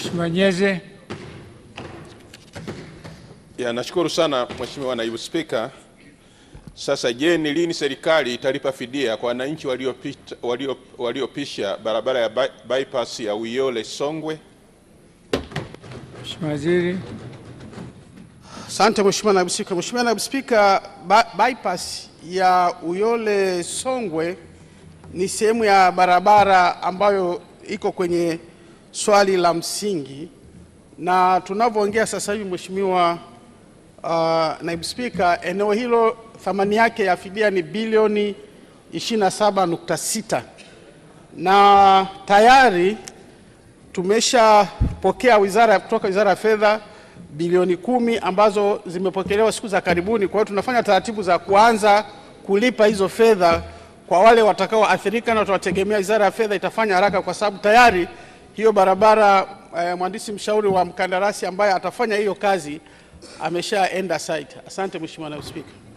Mheshimiwa Nyeze. Ya, nashukuru sana Mheshimiwa Naibu Spika. Sasa je, ni lini serikali italipa fidia kwa wananchi waliopisha walio, walio barabara ya by, bypass ya Uyole Songwe? Mheshimiwa Waziri. Asante Mheshimiwa Naibu Spika. Mheshimiwa Naibu Spika, bypass ya Uyole Songwe ni sehemu ya barabara ambayo iko kwenye swali la msingi, na tunavyoongea sasa hivi, Mheshimiwa uh, Naibu Spika, eneo hilo thamani yake ya fidia ni bilioni 27.6 na tayari tumeshapokea wizara kutoka Wizara ya Fedha bilioni kumi ambazo zimepokelewa siku za karibuni. Kwa hiyo tunafanya taratibu za kuanza kulipa hizo fedha kwa wale watakaoathirika, na tunategemea Wizara ya Fedha itafanya haraka kwa sababu tayari hiyo barabara eh, mwandisi mshauri wa mkandarasi ambaye atafanya hiyo kazi ameshaenda site. Asante Mheshimiwa Naibu Spika.